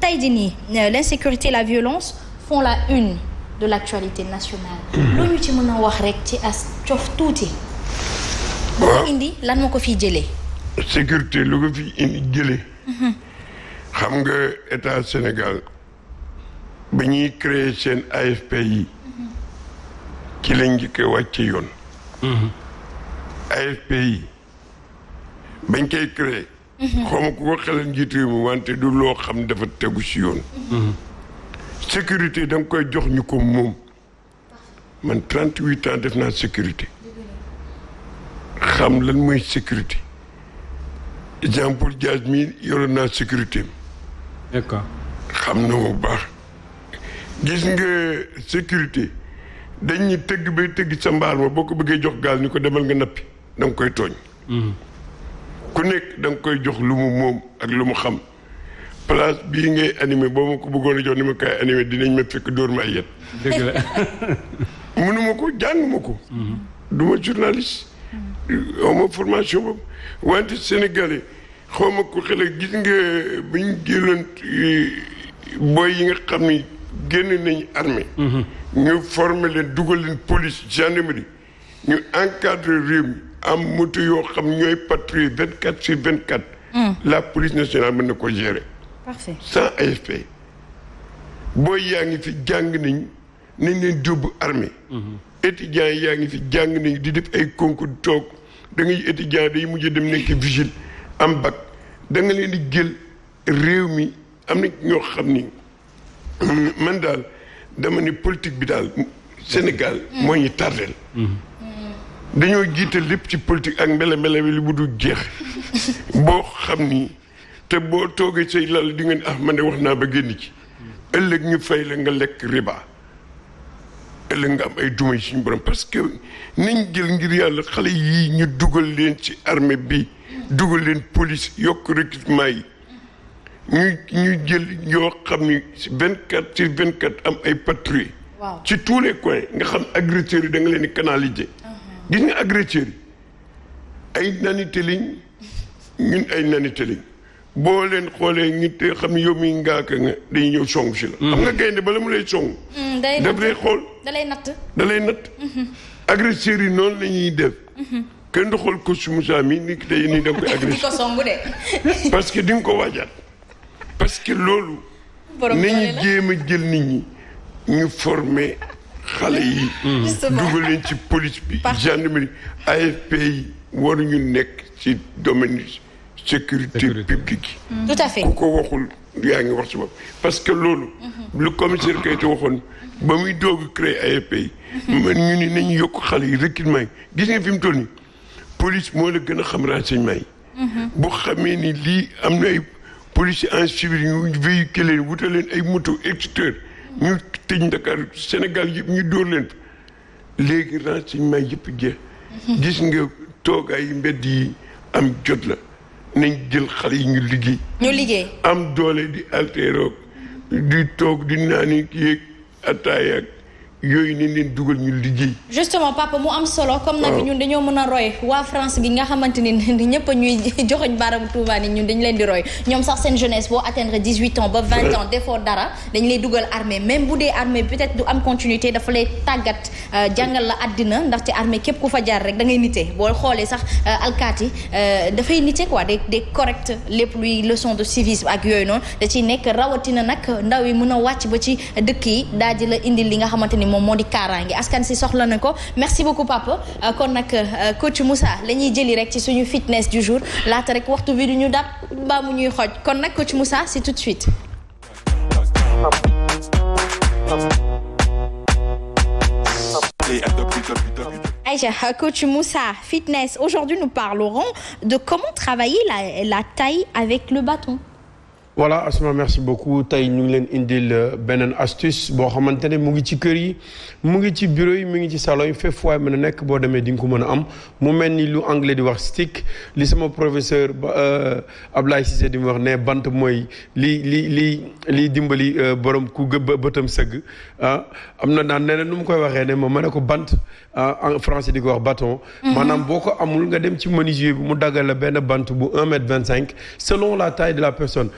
tey jii nii l'insécurité la violence font la une de l'actualité nationale. Hmm. lu ñu ci mën a wax rek ci as cof tuuti. waaw indi lan ko fi jëlee. sécurité lu ko fi indi jëlee. Mhm. xam nga état Sénégal ba ñuy créer seen AFP yi. Mhm. ci lañ njëkkee wàcce yoon. Mhm. AFP yi bañ koy créer. Mm-hmm. xaw ma ku ko njiit wante du loo xam dafa tegu si yoon mm-hmm. sécurité da koy jox ñu ko man trente huit ans sécurité xam lan mooy sécurité Jean Paul mi yoroon naa sécurité mi xam na bu baax gis nga sécurité dañuy tëgg bay tëgg sa mbaar ma boo ko bëggee jox gaal ñu ko demal nga nappi da koy tooñ mm-hmm. ku nekk danga koy jox lu mu moom ak lu mu xam place bii ngay animé boo ma ko bëggoon a jox ni ma koy animé dinañ ma fekk dóor ma ay yet. mënuma ko jànguma ko. Mhm. du ma journaliste. Mhm. aw ma formation boobu wante Sénégalais xaw ma ko xel gis nga bi ñu jëloon euh, booy yi nga xam ni génn nañu armée. Mhm. ñu former leen dugal leen police gendarmerie ñu encadre réew am moto yoo xam ñooy patrouille vingt quatre sur vingt quatre. Hmm. la police nationale mën na ko gérer. parfait sans AFP. booy yaa ngi fi jàng nañ nañ leen dóbbu armée. Hmm. étudiants yaa ngi fi jàng nañ di def ay concours toog da ngay étudiant day mujj dem nekk vigile am bac da nga leen di jël réew mi am na ñoo xam ni man daal dama ne politique bi daal Sénégal hmm. moo ñu tardeel dañoo jiital lépp ci politique ak mbele mbele bi li bu dul jeex boo xam ni te boo toogee say lal di nga ne ah man wax naa ba génn ci ëllëg ñu fay la nga lekk riba ëllëg nga am ay duma yi suñu borom parce que niñ jël ngir yàlla xale yi ñu dugal leen ci armée bi dugal leen police yokk recrutement yi ñu ñu jël yoo xam ni vingt quatre ci vingt am ay patrouille ci tous les nga xam agresseurs yi da nga leen di canaliser gis nga agresseur yi ay nanite liñ ñun ay nanite liñ boo leen xoolee ñu te xam ne yow mii ngaaka nga dañuy ñëw song si la. Mm-hmm. xam nga gaynde bala mu lay song. Mm, day daf lay xool da lay natt. da natt. Mm-hmm. agresseurs yi noonu la ñuy def. Mm-hmm. kenn du xool ko su Moussa mii ni tey nii da koy agressé. di ko song de. parce que di nga ko waajaat parce que loolu. nañu jéem a jël nit ñi ñu former. xale yi. Mmh. dugal leen ci police bi gendarmerie AFP yi waruñu nekk ci domaine sécurité publique yi. Mmh. tout à fait ku ko waxul yaa ngi wax si parce que loolu. Mmh. lu commissaire Keita waxoon ba muy doog a créé AFP yi. man ñu ni nañu yokk xale yi recrutement yi gis nga fi toll nii police moo la gën a xam renseignement yi. bu xamee nii lii am na ay policiers en civil yu véhiculé leen wutal leen ay moto extérieur. ñu tëj Dakar Sénégal yëpp ñu dóor leen léegi renseignement yëpp jeex mhm. gis nga toogaayu mbedd yi am jot la nañ jël xale yi ñu liggéey am doole di altéroog di toog di naani kii ak yooyu nañ leen dugal ñu liggéey. justement papa mu am solo. comme nag ñun dañoo mën a roy waa France bi nga xamante ni ñëpp a ñuy joxoñ baaraam tuuba ni ñun dañu leen di roy ñoom sax seen jeunesse boo atteindre dix huit ans ba vingt ans defoo dara dañ lay dugal armée même bu dee armée peut-être du am continuité dafa lay tàggat euh, jàngal la àddina ndaxte armée képp ku fa jaar rek da ngay nite boo xoolee sax euh, alkaati euh, dafay nite quoi des des correct lépp luy leçon de civisme ak yooyu noonu da ciy nekk rawatina nag ndaw yi mën a wàcc ba ci dëkk yi daal di li nga xamante ni moom moo di kaaraange askan si soxla na ko merci beaucoup papa euh, kon nag euh, coach Moussa la ñuy jëli rek ci suñu fitness du jour laata rek waxtu bi du ñu dab mbaa mu ñuy xooj kon nag coach Moussa c'est tout de suite. Aïcha, coach Moussa, fitness, aujourd'hui nous parlerons de comment travailler la taille avec le bâton. voilà Asma merci beaucoup tey ñu ngi leen indil euh, beneen astuce boo xamante ne mu ngi ci kër yi mu ngi ci bureau yi mu ngi ci salon yi fépp fooy mën a nekk boo demee di nga ko mën a am mu mel ni lu anglais di wax stick li sama professeur euh, Ablaye Cissé di mu wax ne bant mooy li li li liy dimbali euh, borom ku gëb bëtam sëgg ah am na daan nee na nu mu koy waxee ne ma ma ne ko bant ah, en français di ko wax bâton mhm. maanaam boo ko amul nga dem ci menuisier bi mu daggal la benn bant bu un mètre vingt cinq selon la taille de la personne